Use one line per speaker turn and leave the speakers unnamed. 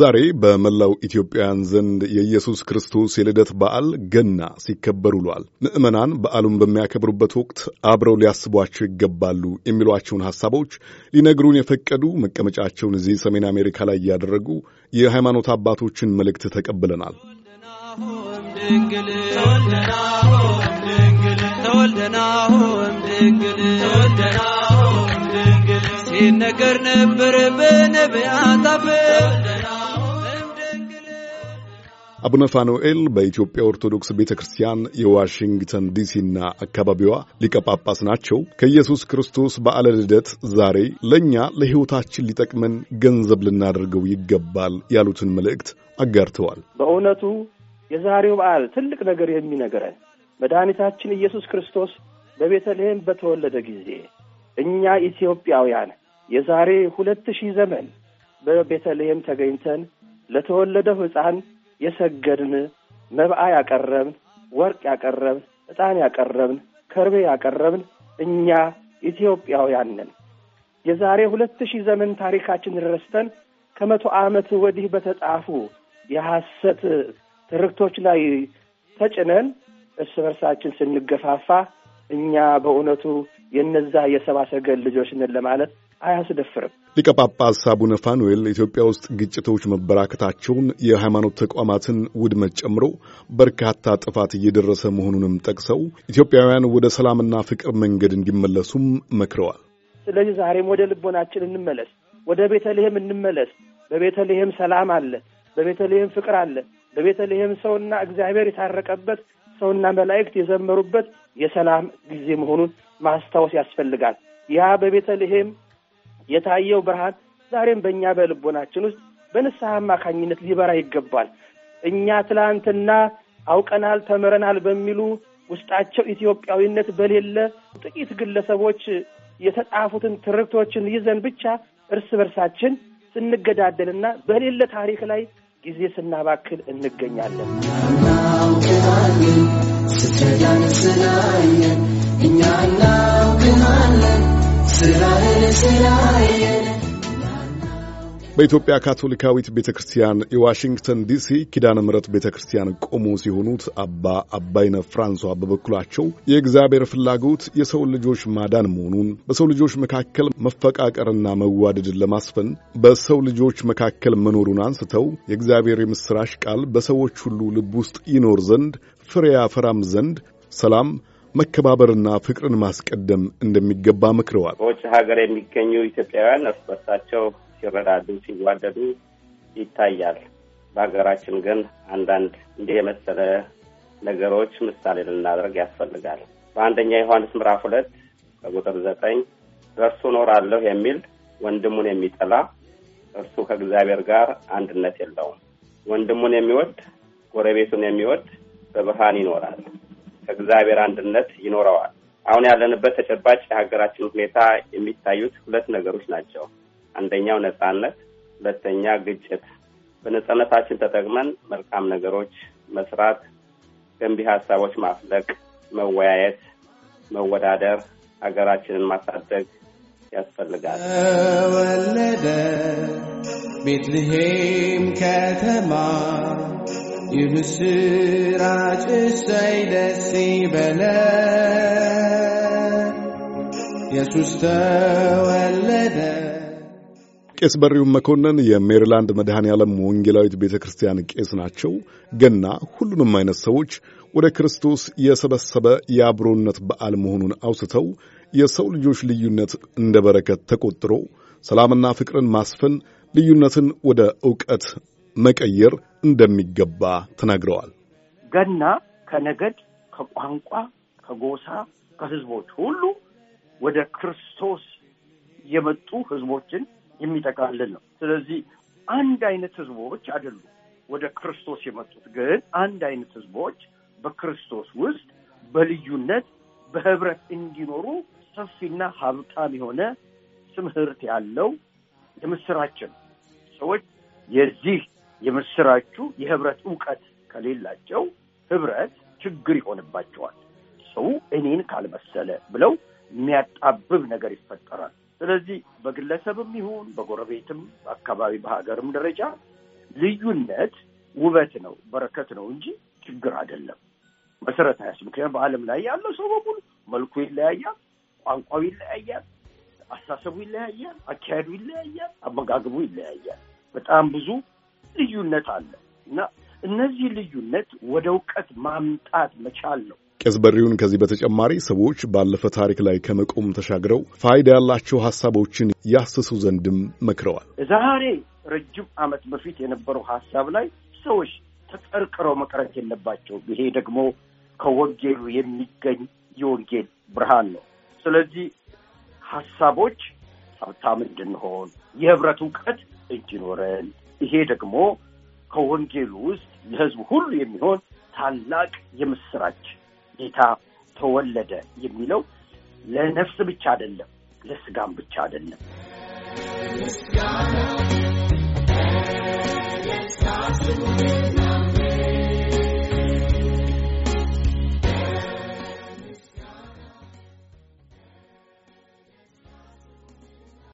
ዛሬ በመላው ኢትዮጵያውያን ዘንድ የኢየሱስ ክርስቶስ የልደት በዓል ገና ሲከበር ውሏል። ምዕመናን በዓሉን በሚያከብሩበት ወቅት አብረው ሊያስቧቸው ይገባሉ የሚሏቸውን ሐሳቦች ሊነግሩን የፈቀዱ መቀመጫቸውን እዚህ ሰሜን አሜሪካ ላይ እያደረጉ የሃይማኖት አባቶችን መልእክት ተቀብለናል።
ነገር ነበር በነቢያት አፍ
አቡነ ፋኑኤል በኢትዮጵያ ኦርቶዶክስ ቤተ ክርስቲያን የዋሽንግተን ዲሲና አካባቢዋ ሊቀ ጳጳስ ናቸው። ከኢየሱስ ክርስቶስ በዓለ ልደት ዛሬ ለእኛ ለሕይወታችን ሊጠቅመን ገንዘብ ልናደርገው ይገባል ያሉትን መልእክት አጋርተዋል።
በእውነቱ የዛሬው በዓል ትልቅ ነገር የሚነገረን መድኃኒታችን ኢየሱስ ክርስቶስ በቤተልሔም በተወለደ ጊዜ እኛ ኢትዮጵያውያን የዛሬ ሁለት ሺህ ዘመን በቤተልሔም ተገኝተን ለተወለደው ሕፃን የሰገድን መብአ ያቀረብን ወርቅ ያቀረብን ዕጣን ያቀረብን ከርቤ ያቀረብን እኛ ኢትዮጵያውያን ነን። የዛሬ ሁለት ሺህ ዘመን ታሪካችን ረስተን ከመቶ ዓመት ወዲህ በተጻፉ የሐሰት ትርክቶች ላይ ተጭነን እርስ በርሳችን ስንገፋፋ እኛ በእውነቱ የነዛ የሰብአ ሰገል ልጆች ነን ለማለት አያስደፍርም።
ሊቀ ጳጳስ አቡነ ፋኑኤል ኢትዮጵያ ውስጥ ግጭቶች መበራከታቸውን የሃይማኖት ተቋማትን ውድመት ጨምሮ በርካታ ጥፋት እየደረሰ መሆኑንም ጠቅሰው ኢትዮጵያውያን ወደ ሰላምና ፍቅር መንገድ እንዲመለሱም መክረዋል።
ስለዚህ ዛሬም ወደ ልቦናችን እንመለስ፣ ወደ ቤተልሔም እንመለስ። በቤተልሔም ሰላም አለ፣ በቤተልሔም ፍቅር አለ። በቤተልሔም ሰውና እግዚአብሔር የታረቀበት ሰውና መላእክት የዘመሩበት የሰላም ጊዜ መሆኑን ማስታወስ ያስፈልጋል። ያ በቤተልሔም የታየው ብርሃን ዛሬም በእኛ በልቦናችን ውስጥ በንስሐ አማካኝነት ሊበራ ይገባል። እኛ ትላንትና አውቀናል፣ ተምረናል በሚሉ ውስጣቸው ኢትዮጵያዊነት በሌለ ጥቂት ግለሰቦች የተጻፉትን ትርክቶችን ይዘን ብቻ እርስ በርሳችን ስንገዳደልና በሌለ ታሪክ ላይ ጊዜ ስናባክል እንገኛለን። እኛ እናውቀናል ስትረዳን ስላየን እኛ
በኢትዮጵያ ካቶሊካዊት ቤተ ክርስቲያን የዋሽንግተን ዲሲ ኪዳነ ምረት ቤተ ክርስቲያን ቆሞስ የሆኑት አባ አባይነ ፍራንሷ በበኩላቸው የእግዚአብሔር ፍላጎት የሰው ልጆች ማዳን መሆኑን በሰው ልጆች መካከል መፈቃቀርና መዋደድን ለማስፈን በሰው ልጆች መካከል መኖሩን አንስተው የእግዚአብሔር የምሥራች ቃል በሰዎች ሁሉ ልብ ውስጥ ይኖር ዘንድ ፍሬ ያፈራም ዘንድ ሰላም መከባበርና ፍቅርን ማስቀደም እንደሚገባ መክረዋል። በውጭ
ሀገር የሚገኙ ኢትዮጵያውያን እርስ በርሳቸው ሲረዳዱ፣ ሲዋደዱ ይታያል። በሀገራችን ግን አንዳንድ እንዲህ የመሰለ ነገሮች ምሳሌ ልናደርግ ያስፈልጋል። በአንደኛ ዮሐንስ ምዕራፍ ሁለት ከቁጥር ዘጠኝ በእርሱ እኖራለሁ የሚል ወንድሙን የሚጠላ እርሱ ከእግዚአብሔር ጋር አንድነት የለውም። ወንድሙን የሚወድ ጎረቤቱን የሚወድ በብርሃን ይኖራል። ከእግዚአብሔር አንድነት ይኖረዋል። አሁን ያለንበት ተጨባጭ የሀገራችን ሁኔታ የሚታዩት ሁለት ነገሮች ናቸው። አንደኛው ነጻነት፣ ሁለተኛ ግጭት። በነጻነታችን ተጠቅመን መልካም ነገሮች መስራት፣ ገንቢ ሀሳቦች ማፍለቅ፣ መወያየት፣ መወዳደር፣ ሀገራችንን ማሳደግ ያስፈልጋል።
ወለደ ቤትልሔም ከተማ የምስራች እሰይ ደስ ኢየሱስ ተወለደ።
ቄስ በሪውን መኮንን የሜሪላንድ መድኃኔ ዓለም ወንጌላዊት ቤተ ክርስቲያን ቄስ ናቸው። ገና ሁሉንም አይነት ሰዎች ወደ ክርስቶስ የሰበሰበ የአብሮነት በዓል መሆኑን አውስተው የሰው ልጆች ልዩነት እንደ በረከት ተቆጥሮ ሰላምና ፍቅርን ማስፈን ልዩነትን ወደ ዕውቀት መቀየር እንደሚገባ ተናግረዋል።
ገና ከነገድ፣ ከቋንቋ፣ ከጎሳ፣ ከህዝቦች ሁሉ ወደ ክርስቶስ የመጡ ህዝቦችን የሚጠቃልል ነው። ስለዚህ አንድ አይነት ህዝቦች አይደሉ ወደ ክርስቶስ የመጡት ግን አንድ አይነት ህዝቦች በክርስቶስ ውስጥ በልዩነት በህብረት እንዲኖሩ ሰፊና ሀብታም የሆነ ትምህርት ያለው የምስራችን ሰዎች የዚህ የምስራቹ የህብረት እውቀት ከሌላቸው ህብረት ችግር ይሆንባቸዋል። ሰው እኔን ካልመሰለ ብለው የሚያጣብብ ነገር ይፈጠራል። ስለዚህ በግለሰብም ይሁን በጎረቤትም፣ በአካባቢ፣ በሀገርም ደረጃ ልዩነት ውበት ነው፣ በረከት ነው እንጂ ችግር አይደለም። መሰረት ያስ ምክንያቱም በዓለም ላይ ያለው ሰው በሙሉ መልኩ ይለያያል፣ ቋንቋው ይለያያል፣ አስተሳሰቡ ይለያያል፣ አካሄዱ ይለያያል፣ አመጋገቡ ይለያያል። በጣም ብዙ ልዩነት አለ እና እነዚህ ልዩነት ወደ እውቀት ማምጣት መቻል
ነው። ቄስ በሪውን ከዚህ በተጨማሪ ሰዎች ባለፈ ታሪክ ላይ ከመቆም ተሻግረው ፋይዳ ያላቸው ሀሳቦችን ያስሱ ዘንድም መክረዋል።
ዛሬ ረጅም ዓመት በፊት የነበረው ሀሳብ ላይ ሰዎች ተቀርቅረው መቅረት የለባቸው ይሄ ደግሞ ከወንጌሉ የሚገኝ የወንጌል ብርሃን ነው። ስለዚህ ሀሳቦች ሀብታም እንድንሆን የህብረት እውቀት እንዲኖረን ይሄ ደግሞ ከወንጌሉ ውስጥ ለህዝቡ ሁሉ የሚሆን ታላቅ የምስራች ጌታ ተወለደ የሚለው ለነፍስ ብቻ አይደለም፣ ለስጋም ብቻ አይደለም።
ምስጋና